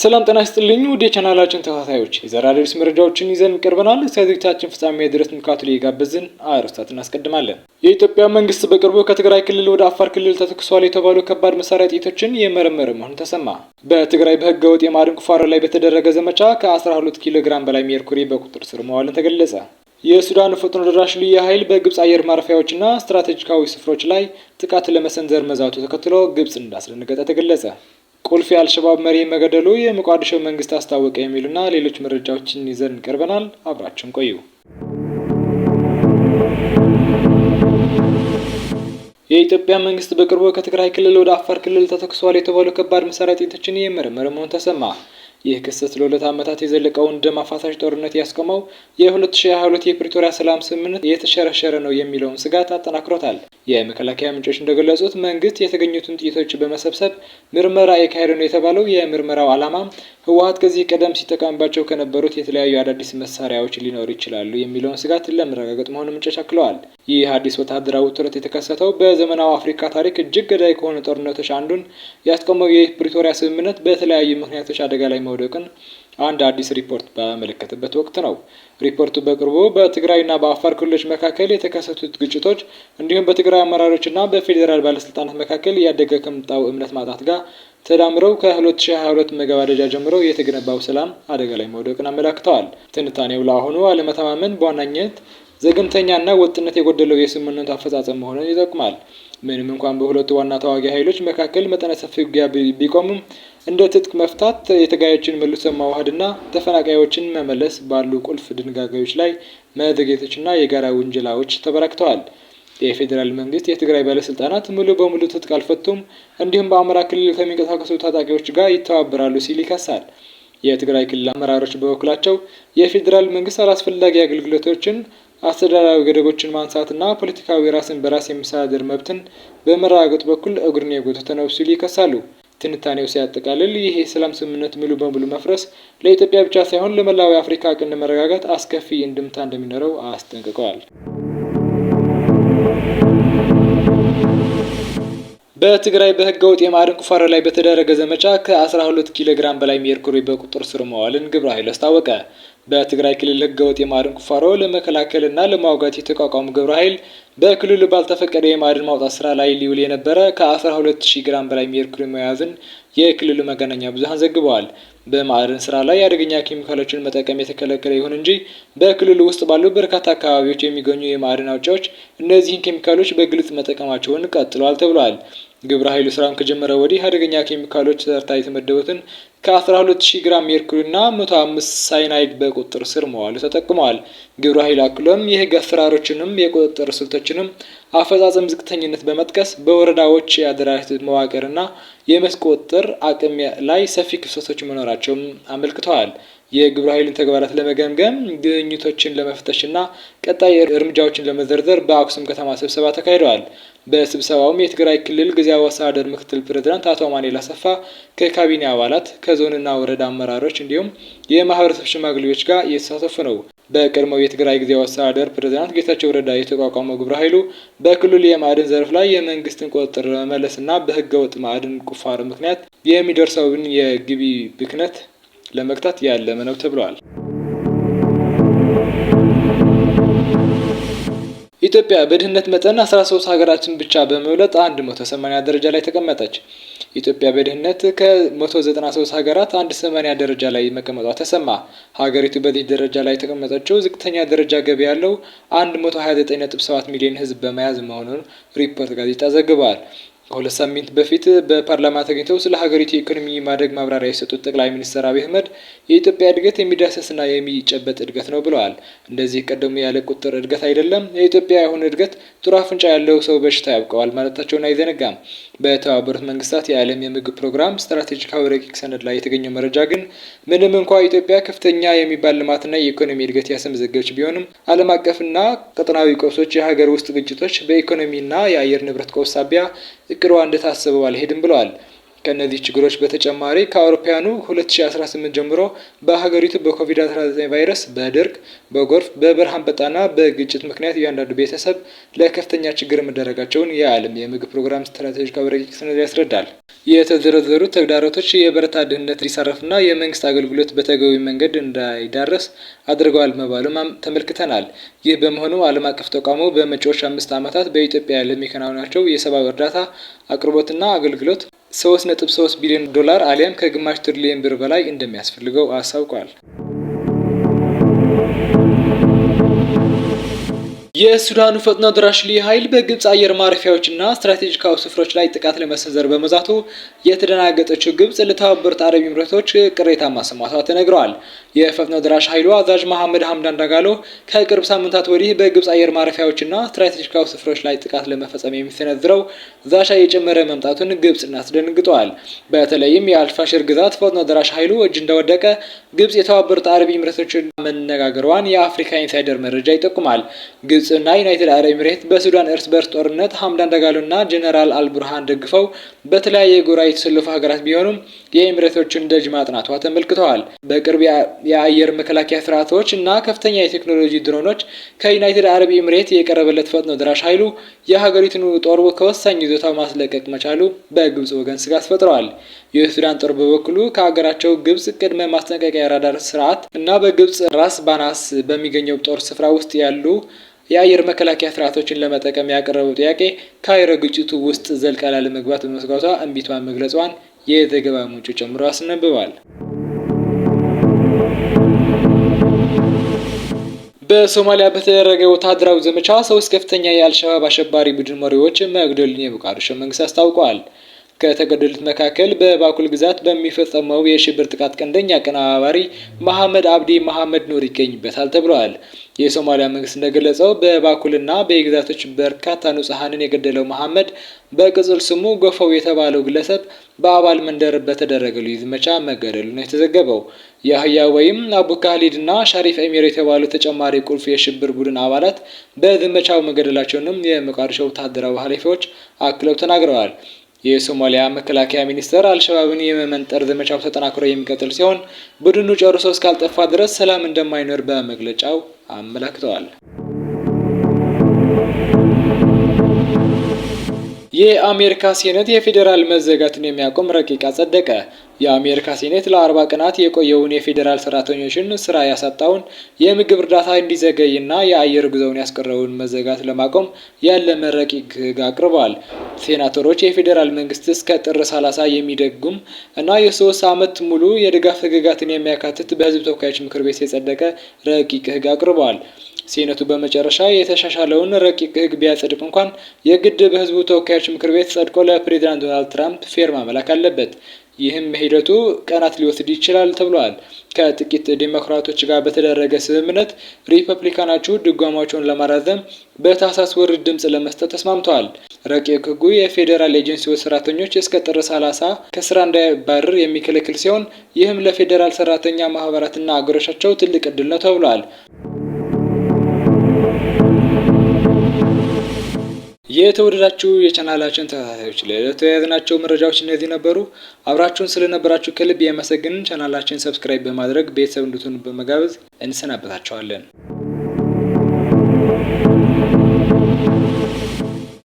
ሰላም ጤና ይስጥልኝ ውድ የቻናላችን ተከታታዮች የዛሬ አዳዲስ መረጃዎችን ይዘን ቀርበናል። እስከ ዝግጅታችን ፍጻሜ ድረስ ንቃቱን የጋበዝን አርዕስታት እናስቀድማለን። የኢትዮጵያ መንግስት በቅርቡ ከትግራይ ክልል ወደ አፋር ክልል ተተኩሷል የተባሉ ከባድ መሳሪያ ጥይቶችን የመረመረ መሆኑን ተሰማ። በትግራይ በህገ ወጥ የማዕድን ቁፋሮ ላይ በተደረገ ዘመቻ ከ12 ኪሎ ግራም በላይ ሜርኩሪ በቁጥር ስር መዋልን ተገለጸ። የሱዳን ፈጥኖ ደራሽ ልዩ ኃይል በግብፅ አየር ማረፊያዎችና ስትራቴጂካዊ ስፍሮች ላይ ጥቃት ለመሰንዘር መዛቱ ተከትሎ ግብፅ እንዳስደነገጠ ተገለጸ። ቁልፍ የአልሸባብ መሪ መገደሉ የሞቃዲሾ መንግስት አስታወቀ የሚሉና ሌሎች መረጃዎችን ይዘን ቀርበናል። አብራችን ቆዩ። የኢትዮጵያ መንግስት በቅርቡ ከትግራይ ክልል ወደ አፋር ክልል ተተኩሷል የተባሉ ከባድ መሳሪያ ውጤቶችን እየመረመረ መሆኑ ተሰማ። ይህ ክስተት ለሁለት ዓመታት የዘለቀውን ደም አፋሳሽ ጦርነት ያስቆመው የ2022 የፕሪቶሪያ ሰላም ስምምነት የተሸረሸረ ነው የሚለውን ስጋት አጠናክሮታል። የመከላከያ ምንጮች እንደገለጹት መንግስት የተገኙትን ጥይቶች በመሰብሰብ ምርመራ የካሄደ ነው የተባለው የምርመራው ዓላማ ህወሀት ከዚህ ቀደም ሲጠቀምባቸው ከነበሩት የተለያዩ አዳዲስ መሳሪያዎች ሊኖሩ ይችላሉ የሚለውን ስጋት ለመረጋገጥ መሆኑ ምንጮች አክለዋል። ይህ አዲስ ወታደራዊ ውጥረት የተከሰተው በዘመናዊ አፍሪካ ታሪክ እጅግ ገዳይ ከሆኑ ጦርነቶች አንዱን ያስቆመው የፕሪቶሪያ ስምምነት በተለያዩ ምክንያቶች አደጋ ላይ መውደቅን አንድ አዲስ ሪፖርት በመለከተበት ወቅት ነው። ሪፖርቱ በቅርቡ በትግራይና በአፋር ክልሎች መካከል የተከሰቱት ግጭቶች እንዲሁም በትግራይ አመራሮችና በፌዴራል ባለስልጣናት መካከል እያደገ ከምጣው እምነት ማጣት ጋር ተዳምረው ከ2022 መገባደጃ ጀምሮ የተገነባው ሰላም አደጋ ላይ መውደቅን አመላክተዋል። ትንታኔው ለአሁኑ አለመተማመን በዋናነት ዘገምተኛና ወጥነት የጎደለው የስምምነት አፈጻጸም መሆኑን ይጠቁማል። ምንም እንኳን በሁለቱ ዋና ተዋጊ ኃይሎች መካከል መጠነ ሰፊ ውጊያ ቢቆምም እንደ ትጥቅ መፍታት፣ የተጋዮችን መልሶ ማዋሃድና ተፈናቃዮችን መመለስ ባሉ ቁልፍ ድንጋጌዎች ላይ መዘግየቶችና የጋራ ውንጀላዎች ተበራክተዋል። የፌዴራል መንግስት የትግራይ ባለስልጣናት ሙሉ በሙሉ ትጥቅ አልፈቱም፣ እንዲሁም በአማራ ክልል ከሚንቀሳቀሱ ታጣቂዎች ጋር ይተባበራሉ ሲል ይከሳል። የትግራይ ክልል አመራሮች በበኩላቸው የፌዴራል መንግስት አላስፈላጊ አገልግሎቶችን አስተዳደራዊ ገደቦችን ማንሳትና ፖለቲካዊ ራስን በራስ የመስተዳደር መብትን በመረጋገጥ በኩል እግሩን የጎተተ ነው ሲሉ ይከሳሉ። ትንታኔው ሲያጠቃልል ይህ የሰላም ስምምነት ሙሉ በሙሉ መፍረስ ለኢትዮጵያ ብቻ ሳይሆን ለመላው የአፍሪካ ቀንድ መረጋጋት አስከፊ እንድምታ እንደሚኖረው አስጠንቅቀዋል። በትግራይ በህገ ወጥ የማዕድን ቁፋሮ ላይ በተደረገ ዘመቻ ከ12 ኪሎ ግራም በላይ ሜርኩሪ በቁጥር ስር መዋልን ግብረ ኃይሉ አስታወቀ። በትግራይ ክልል ህገወጥ የማዕድን ቁፋሮ ለመከላከልና ለማውጋት የተቋቋሙ ግብረ ኃይል በክልሉ ባልተፈቀደ የማዕድን ማውጣት ስራ ላይ ሊውል የነበረ ከ12000 ግራም በላይ ሜርኩሪ መያዝን የክልሉ መገናኛ ብዙሃን ዘግበዋል። በማዕድን ስራ ላይ አደገኛ ኬሚካሎችን መጠቀም የተከለከለ ይሁን እንጂ በክልሉ ውስጥ ባሉ በርካታ አካባቢዎች የሚገኙ የማዕድን አውጪዎች እነዚህን ኬሚካሎች በግልጽ መጠቀማቸውን ቀጥሏል ተብሏል። ግብረ ኃይሉ ስራውን ከጀመረ ወዲህ አደገኛ ኬሚካሎች ተርታ የተመደቡትን ከ12000 ግራም ሜርኩሪ እና 105 ሳይናይድ በቁጥጥር ስር መዋሉ ተጠቅመዋል። ግብረ ኃይል አክሎም የህግ አሰራሮችንም የቁጥጥር ስልቶችንም አፈጻጸም ዝቅተኝነት በመጥቀስ በወረዳዎች የአደራጅት መዋቅርና የመስክ ቁጥጥር አቅም ላይ ሰፊ ክፍተቶች መኖራቸውም አመልክተዋል። የግብረ ኃይልን ተግባራት ለመገምገም ግኝቶችን ለመፍተሽና ቀጣይ እርምጃዎችን ለመዘርዘር በአክሱም ከተማ ስብሰባ ተካሂደዋል። በስብሰባውም የትግራይ ክልል ጊዜያዊ አስተዳደር ምክትል ፕሬዝዳንት አቶ ማኔላ አሰፋ ከካቢኔ አባላት ከዞንና ወረዳ አመራሮች እንዲሁም የማህበረሰብ ሽማግሌዎች ጋር እየተሳተፉ ነው። በቀድሞው የትግራይ ጊዜያዊ አስተዳደር ፕሬዝዳንት ጌታቸው ረዳ የተቋቋመው ግብረ ኃይሉ በክልሉ የማዕድን ዘርፍ ላይ የመንግስትን ቁጥጥር መመለስና በህገ ወጥ ማዕድን ቁፋሮ ምክንያት የሚደርሰውን የግቢ ብክነት ለመግታት ያለመ ነው ተብሏል። ኢትዮጵያ በድህነት መጠን 13 ሀገራችን ብቻ በመብለጥ 180 ደረጃ ላይ ተቀመጠች። ኢትዮጵያ በድህነት ከ193 ሀገራት 180 ደረጃ ላይ መቀመጧ ተሰማ። ሀገሪቱ በዚህ ደረጃ ላይ የተቀመጠችው ዝቅተኛ ደረጃ ገቢ ያለው 129.7 ሚሊዮን ሕዝብ በመያዝ መሆኑን ሪፖርት ጋዜጣ ዘግቧል። ከሁለት ሳምንት በፊት በፓርላማ ተገኝተው ስለ ሀገሪቱ ኢኮኖሚ ማደግ ማብራሪያ የሰጡት ጠቅላይ ሚኒስትር አብይ አህመድ የኢትዮጵያ እድገት የሚዳሰስና የሚጨበጥ እድገት ነው ብለዋል። እንደዚህ ቀደሙ ያለ ቁጥር እድገት አይደለም፣ የኢትዮጵያ አሁን እድገት ጥሩ አፍንጫ ያለው ሰው በሽታ ያብቀዋል ማለታቸውን አይዘነጋም። በተባበሩት መንግስታት የዓለም የምግብ ፕሮግራም ስትራቴጂካዊ ረቂቅ ሰነድ ላይ የተገኘው መረጃ ግን ምንም እንኳ ኢትዮጵያ ከፍተኛ የሚባል ልማትና የኢኮኖሚ እድገት ያስመዘገበች ቢሆንም ዓለም አቀፍና ቀጠናዊ ቀውሶች፣ የሀገር ውስጥ ግጭቶች፣ በኢኮኖሚና የአየር ንብረት ቀውስ ሳቢያ እቅዷ እንደታሰበው አልሄድም ብለዋል። ከእነዚህ ችግሮች በተጨማሪ ከአውሮፓውያኑ 2018 ጀምሮ በሀገሪቱ በኮቪድ-19 ቫይረስ፣ በድርቅ፣ በጎርፍ፣ በበረሃ አንበጣና በግጭት ምክንያት እያንዳንዱ ቤተሰብ ለከፍተኛ ችግር መደረጋቸውን የዓለም የምግብ ፕሮግራም ስትራቴጂካዊ ረቂቅ ሰነድ ያስረዳል። የተዘረዘሩት ተግዳሮቶች የበረታ ድህነት እንዲሰረፍና የመንግስት አገልግሎት በተገቢ መንገድ እንዳይዳረስ አድርገዋል መባሉም ተመልክተናል። ይህ በመሆኑ ዓለም አቀፍ ተቋሙ በመጪዎች አምስት ዓመታት በኢትዮጵያ ለሚከናውናቸው የሰብአዊ እርዳታ አቅርቦትና አገልግሎት ሶስት ነጥብ ሶስት ቢሊዮን ዶላር አሊያም ከግማሽ ትሪሊዮን ብር በላይ እንደሚያስፈልገው አሳውቋል። የሱዳኑ ፈጥኖ ደራሽ ልዩ ኃይል በግብፅ አየር ማረፊያዎችና ስትራቴጂካዊ ስፍራዎች ላይ ጥቃት ለመሰንዘር በመዛቱ የተደናገጠችው ግብፅ ለተባበሩት አረብ ኤምሬቶች ቅሬታ ማሰማቷ ተነግረዋል። የፈጥኖ ደራሽ ኃይሉ አዛዥ መሐመድ ሀምዳን ዳጋሎ ከቅርብ ሳምንታት ወዲህ በግብፅ አየር ማረፊያዎችና ስትራቴጂካዊ ስፍራዎች ላይ ጥቃት ለመፈጸም የሚሰነዝረው ዛቻ እየጨመረ መምጣቱን ግብፅን አስደንግጠዋል። በተለይም የአልፋሽር ግዛት ፈጥኖ ደራሽ ኃይሉ እጅ እንደወደቀ ግብፅ የተባበሩት አረብ ኤምሬቶችን መነጋገሯን የአፍሪካ ኢንሳይደር መረጃ ይጠቁማል። ግብፅና ዩናይትድ አረብ ኤምሬት በሱዳን እርስ በርስ ጦርነት ሀምዳን ዳጋሎና ጀኔራል አልቡርሃን ደግፈው በተለያየ ጎራ የተሰለፉ ሀገራት ቢሆኑም የኤምሬቶችን ደጅ ማጥናቷ ተመልክተዋል። በቅርብ የአየር መከላከያ ስርዓቶች እና ከፍተኛ የቴክኖሎጂ ድሮኖች ከዩናይትድ አረብ ኤምሬት የቀረበለት ፈጥኖ ደራሽ ኃይሉ የሀገሪቱን ጦር ከወሳኝ ይዞታ ማስለቀቅ መቻሉ በግብፅ ወገን ስጋት ፈጥረዋል። የሱዳን ጦር በበኩሉ ከሀገራቸው ግብፅ ቅድመ ማስጠንቀቂያ ራዳር ስርዓት እና በግብፅ ራስ ባናስ በሚገኘው ጦር ስፍራ ውስጥ ያሉ የአየር መከላከያ ስርዓቶችን ለመጠቀም ያቀረበው ጥያቄ ካይሮ ግጭቱ ውስጥ ዘልቃ ላለመግባት በመስጋቷ እምቢቷን መግለጿን የዘገባ ምንጩ ጨምሮ አስነብቧል። በሶማሊያ በተደረገ ወታደራዊ ዘመቻ ሶስት ከፍተኛ የአልሸባብ አሸባሪ ቡድን መሪዎች መግደሉን የሞቃዲሾ መንግስት አስታውቋል። ከተገደሉት መካከል በባኩል ግዛት በሚፈጸመው የሽብር ጥቃት ቀንደኛ አቀነባባሪ መሐመድ አብዲ መሐመድ ኑር ይገኝበታል ተብሏል። የሶማሊያ መንግስት እንደገለጸው በባኩልና በየግዛቶች በርካታ ንጹሐንን የገደለው መሐመድ በቅጽል ስሙ ጎፈው የተባለው ግለሰብ በአባል መንደር በተደረገ ልዩ ዘመቻ መገደሉ ነው የተዘገበው። የአህያ ወይም አቡ ና ሻሪፍ ኤሚር የተባሉ ተጨማሪ ቁልፍ የሽብር ቡድን አባላት በዘመቻው መገደላቸውንም የሞቃዲሾ ወታደራዊ ኃላፊዎች አክለው ተናግረዋል። የሶማሊያ መከላከያ ሚኒስቴር አልሸባብን የመመንጠር ዘመቻው ተጠናክሮ የሚቀጥል ሲሆን ቡድኑ ጨርሶ እስካልጠፋ ድረስ ሰላም እንደማይኖር በመግለጫው አመላክተዋል። የአሜሪካ ሴኔት የፌዴራል መዘጋትን የሚያቆም ረቂቅ አጸደቀ። የአሜሪካ ሴኔት ለአርባ ቀናት የቆየውን የፌዴራል ሰራተኞችን ስራ ያሳጣውን የምግብ እርዳታ እንዲዘገይና የአየር ጉዞውን ያስቀረውን መዘጋት ለማቆም ያለመ ረቂቅ ህግ አቅርቧል። ሴናተሮች የፌዴራል መንግስት እስከ ጥር 30 የሚደጉም እና የሶስት ዓመት ሙሉ የድጋፍ ህግጋትን የሚያካትት በህዝብ ተወካዮች ምክር ቤት የጸደቀ ረቂቅ ህግ አቅርቧል። ሴኔቱ በመጨረሻ የተሻሻለውን ረቂቅ ሕግ ቢያጸድቅ እንኳን የግድ በህዝቡ ተወካዮች ምክር ቤት ጸድቆ ለፕሬዚዳንት ዶናልድ ትራምፕ ፌርማ መላክ አለበት። ይህም ሂደቱ ቀናት ሊወስድ ይችላል ተብሏል። ከጥቂት ዴሞክራቶች ጋር በተደረገ ስምምነት ሪፐብሊካኖቹ ድጓማቸውን ለማራዘም በታህሳስ ወር ድምፅ ለመስጠት ተስማምተዋል። ረቂቅ ህጉ የፌዴራል ኤጀንሲዎች ሰራተኞች እስከ ጥር ከስራ እንዳይባረር የሚከለክል ሲሆን ይህም ለፌዴራል ሰራተኛ ማህበራትና አገሮቻቸው ትልቅ እድል ነው ተብሏል። የተወደዳችሁ የቻናላችን ተከታታዮች ለዕለቱ የያዝናቸው መረጃዎች እነዚህ ነበሩ። አብራችሁን ስለነበራችሁ ከልብ የመሰግንን ቻናላችን ሰብስክራይብ በማድረግ ቤተሰብ እንድትሆኑ በመጋበዝ እንሰናበታቸዋለን።